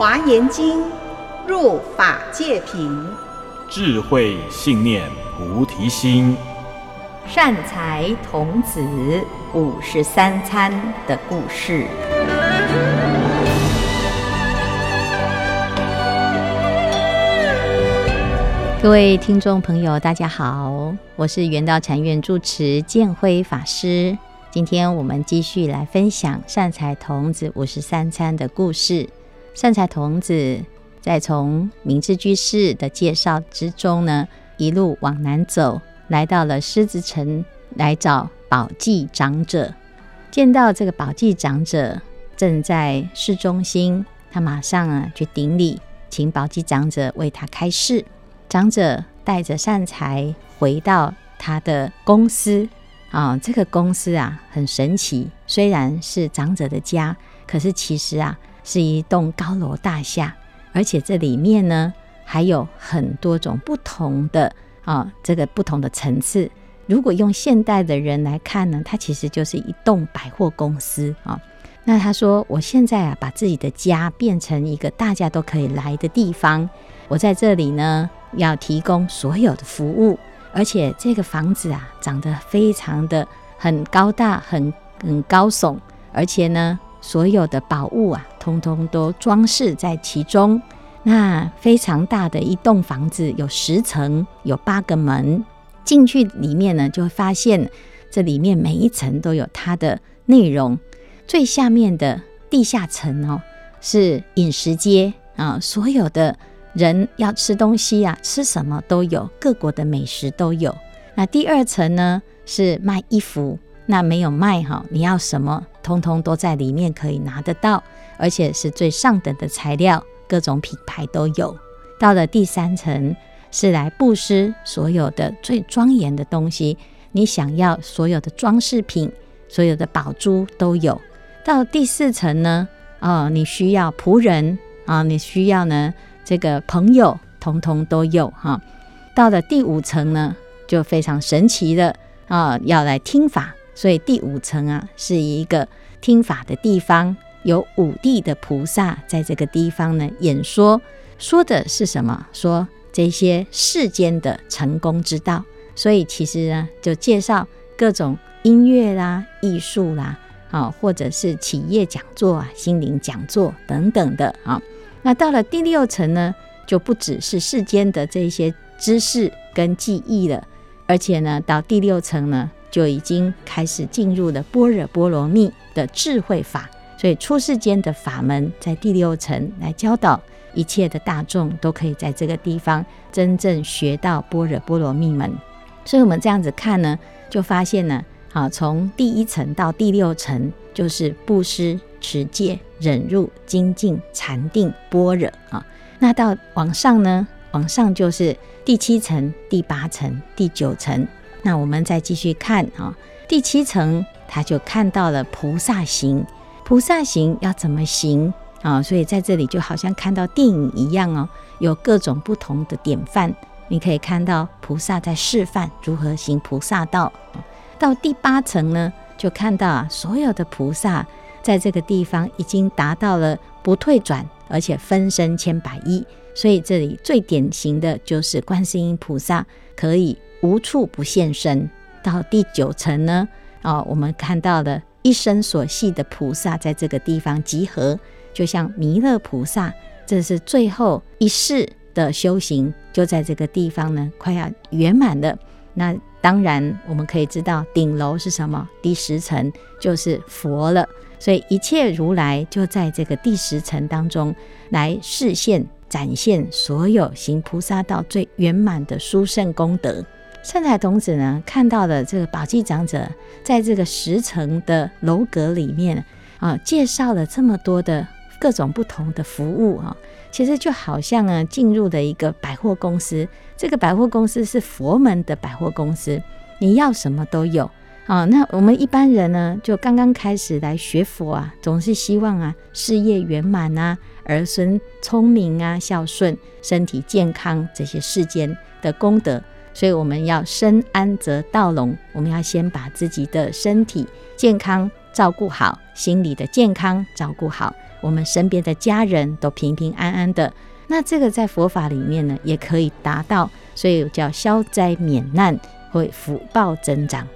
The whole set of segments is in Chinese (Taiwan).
華嚴經入法界品，智慧信念菩提心，善財童子五十三參的故事。各位聽眾朋友，大家好，我是圓道禪院住持見輝法師。今天我們繼續來分享善財童子五十三參的故事。善財童子再從明智居士的介紹之中呢，一路往南走，來到了師子城，來找寶髻長者。見到這個寶髻長者正在市中心，他馬上啊去頂禮，請寶髻長者為他開示。長者帶着善財回到他的公司啊、哦，這個公司啊很神奇，雖然是長者的家，可是其實啊。是一棟高樓大廈，而且這裡面呢還有很多種不同的啊、哦，這個不同的層次。如果用現代的人來看呢，它其實就是一棟百貨公司啊、哦。那他說：“我現在啊，把自己的家變成一個大家都可以來的地方。我在這裡呢，要提供所有的服務，而且這個房子啊，長得非常的很高大，很很高聳，而且呢。”所有的寶物啊，通通都裝飾在其中。那非常大的一棟房子，有十層，有八個門。進去裡面呢，就會發現這裡面每一層都有它的內容。最下面的地下層哦，是飲食街啊，所有的人要吃東西呀、啊，吃什麼都有，各國的美食都有。那第二層呢，是賣衣服，那沒有賣哈、哦，你要什麼？通通都在裡面可以拿得到，而且是最上等的材料，各種品牌都有。到了第三層是來布施，所有的最莊嚴的東西，你想要所有的裝飾品、所有的寶珠都有。到了第四層呢，啊、哦，你需要僕人啊、哦，你需要呢這個朋友，通通都有哈、哦。到了第五層呢，就非常神奇的啊、哦，要來聽法。所以第五層啊，是一個聽法的地方，有五地的菩薩在這個地方呢演說，說的是什麼？說這些世間的成功之道。所以其實呢，就介紹各種音樂啦、藝術啦，啊，或者是企業講座、心靈講座等等的啊。那到了第六層呢，就不只是世間的這些知識跟記憶了，而且呢，到第六層呢。就已經開始進入了般若波羅蜜的智慧法，所以出世間的法門在第六層來教導一切的大眾，都可以在這個地方真正學到般若波羅蜜門。所以，我們這樣子看呢，就發現呢，好，從第一層到第六層就是布施、持戒、忍辱、精進、禪定、般若啊，那到往上呢，往上就是第七層、第八層、第九層。那我們再繼續看啊，第七層他就看到了菩薩行，菩薩行要怎麼行啊？所以在這裡就好像看到電影一樣哦，有各種不同的典範，你可以看到菩薩在示範如何行菩薩道。到第八層呢，就看到啊，所有的菩薩在這個地方已經達到了不退轉，而且分身千百億，所以這裡最典型的就是觀世音菩薩可以，無處不現身，到第九層呢？啊、哦，我們看到的一生所繫的菩薩在這個地方集合，就像彌勒菩薩，這是最後一世的修行，就在這個地方呢，快要圓滿了。那當然，我們可以知道頂樓是什麼？第十層就是佛了。所以一切如來就在這個第十層當中來示現，展現所有行菩薩道最圓滿的殊勝功德。善財童子呢，看到了這個寶髻長者在這個十層的樓閣裡面啊，介紹了這麼多的各種不同的服務啊，其實就好像呢、啊，進入了一個百貨公司。這個百貨公司是佛門的百貨公司，你要什麼都有啊。那我們一般人呢，就剛剛開始來學佛啊，總是希望啊，事業圓滿啊，兒孫聰明啊，孝順，身體健康這些世間的功德。所以我們要身安則道隆，我們要先把自己的身體健康照顧好，心理的健康照顧好，我們身邊的家人都平平安安的。那這個在佛法裡面呢，也可以達到，所以叫消災免難，會福報增長。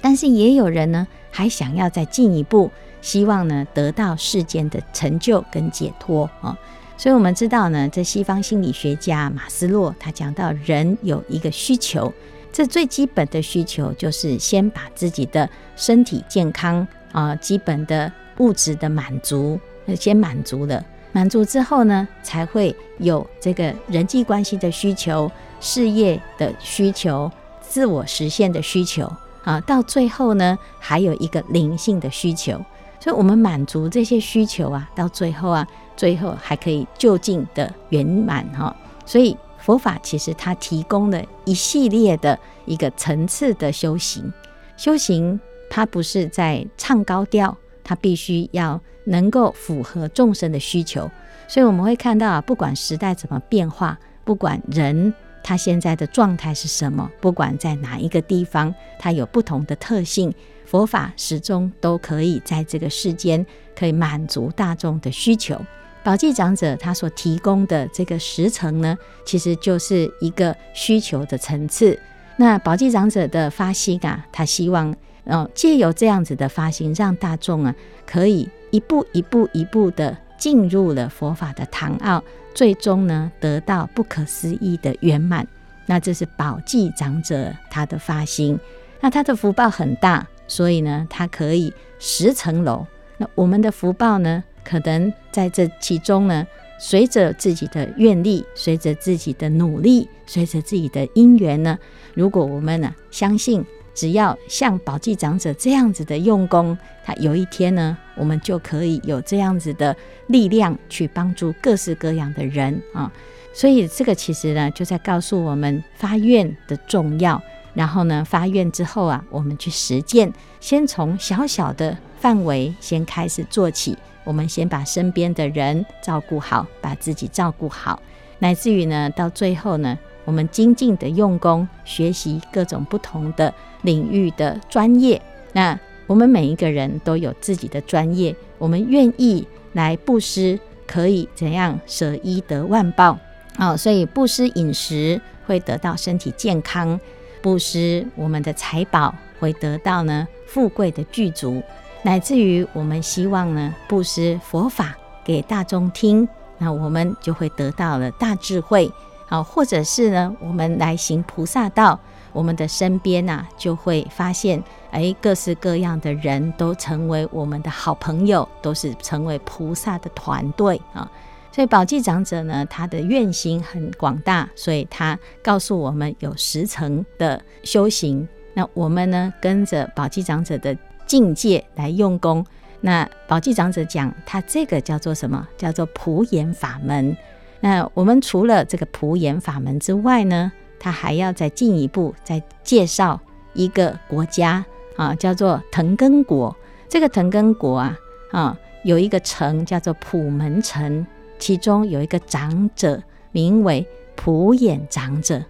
但是也有人呢，還想要再進一步，希望呢得到世間的成就跟解脫啊。所以，我們知道呢，這西方心理學家馬斯洛他講到，人有一個需求，這最基本的需求就是先把自己的身體健康啊、呃，基本的物質的滿足那先滿足了，滿足之後呢，才會有這個人際關係的需求、事業的需求、自我實現的需求啊、呃，到最後呢，還有一個靈性的需求。所以，我們滿足這些需求啊，到最後啊。最後還可以就近的圓滿哈，所以佛法其實它提供了一系列的一個層次的修行。修行它不是在唱高調，它必須要能夠符合眾生的需求。所以我們會看到啊，不管時代怎麼變化，不管人他現在的狀態是什麼，不管在哪一個地方，它有不同的特性，佛法始終都可以在這個世間可以滿足大眾的需求。寶髻長者他所提供的這個十層呢，其實就是一個需求的層次。那寶髻長者的發心啊，他希望，哦，借由這樣子的發心，讓大眾啊，可以一步一步一步地進入了佛法的堂奧，最終呢，得到不可思議的圓滿。那這是寶髻長者他的發心，那他的福報很大，所以呢，他可以十層樓。那我們的福報呢？可能在這其中呢，隨着自己的願力，隨着自己的努力，隨着自己的因緣呢，如果我們呢、啊、相信，只要像寶髻長者這樣子的用功，他有一天呢，我們就可以有這樣子的力量去幫助各式各樣的人啊。所以這個其實呢，就在告訴我們發願的重要。然後呢，發願之後啊，我們去實踐，先從小小的範圍先開始做起。我們先把身邊的人照顧好，把自己照顧好，乃至於呢，到最後呢，我們精進的用功學習各種不同的領域的專業。那我們每一個人都有自己的專業，我們願意來布施，可以怎樣舍一得萬報哦？所以布施飲食會得到身體健康。布施我們的財寶會得到呢，富貴的具足，乃至於我們希望呢，布施佛法給大眾聽，那我們就會得到了大智慧。啊，或者是呢，我們來行菩薩道，我們的身邊吶啊，就會發現，哎，各式各樣的人都成為我們的好朋友，都是成為菩薩的團隊啊。所以寶髻長者呢，他的願心很廣大，所以他告訴我們有十層的修行。那我們呢，跟着寶髻長者的境界來用功。那寶髻長者講，他這個叫做什麼？叫做普眼法門。那我們除了這個普眼法門之外呢，他還要再進一步再介紹一個國家啊，叫做藤根國。這個藤根國啊，啊，有一個城叫做普門城。其中有一個長者，名為普眼長者。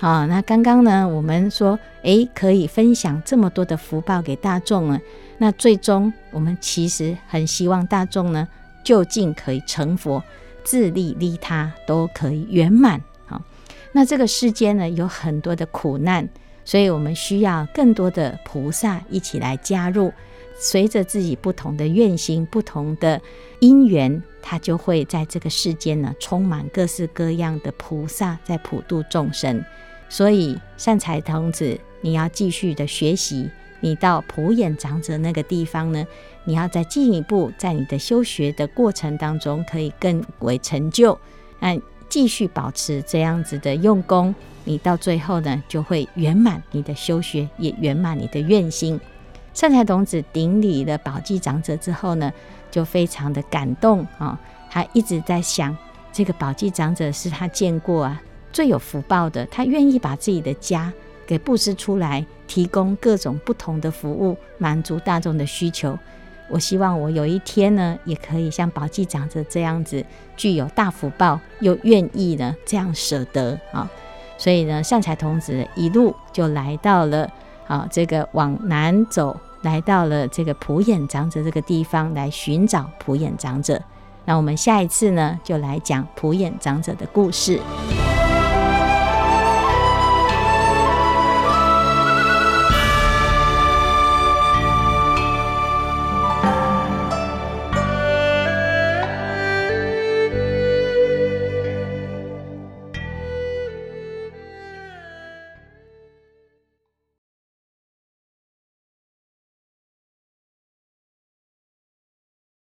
好、哦，那剛剛呢，我們說誒，可以分享這麼多的福報給大眾呢，那最終，我們其實很希望大眾呢，究竟可以成佛，自利利他都可以圓滿、哦。那這個世間呢，有很多的苦難，所以我們需要更多的菩薩一起來加入。隨着自己不同的願心、不同的因緣，他就會在這個世間呢，充滿各式各樣的菩薩在普度眾生。所以，善財童子，你要繼續的學習。你到普眼長者那個地方呢，你要再進一步，在你的修學的過程當中，可以更為成就。嗯，繼續保持這樣子的用功，你到最後呢，就會圓滿你的修學，也圓滿你的願心。善財童子頂禮了寶髻長者之後呢，就非常的感動啊、哦！他一直在想，這個寶髻長者是他見過啊最有福報的，他願意把自己的家給布施出來，提供各種不同的服務，滿足大眾的需求。我希望我有一天呢，也可以像寶髻長者這樣子，具有大福報，又願意呢這樣捨得啊、哦！所以呢，善財童子一路就來到了啊、哦，這個往南走。來到了這個普眼長者這個地方，來尋找普眼長者。那我們下一次呢，就來講普眼長者的故事。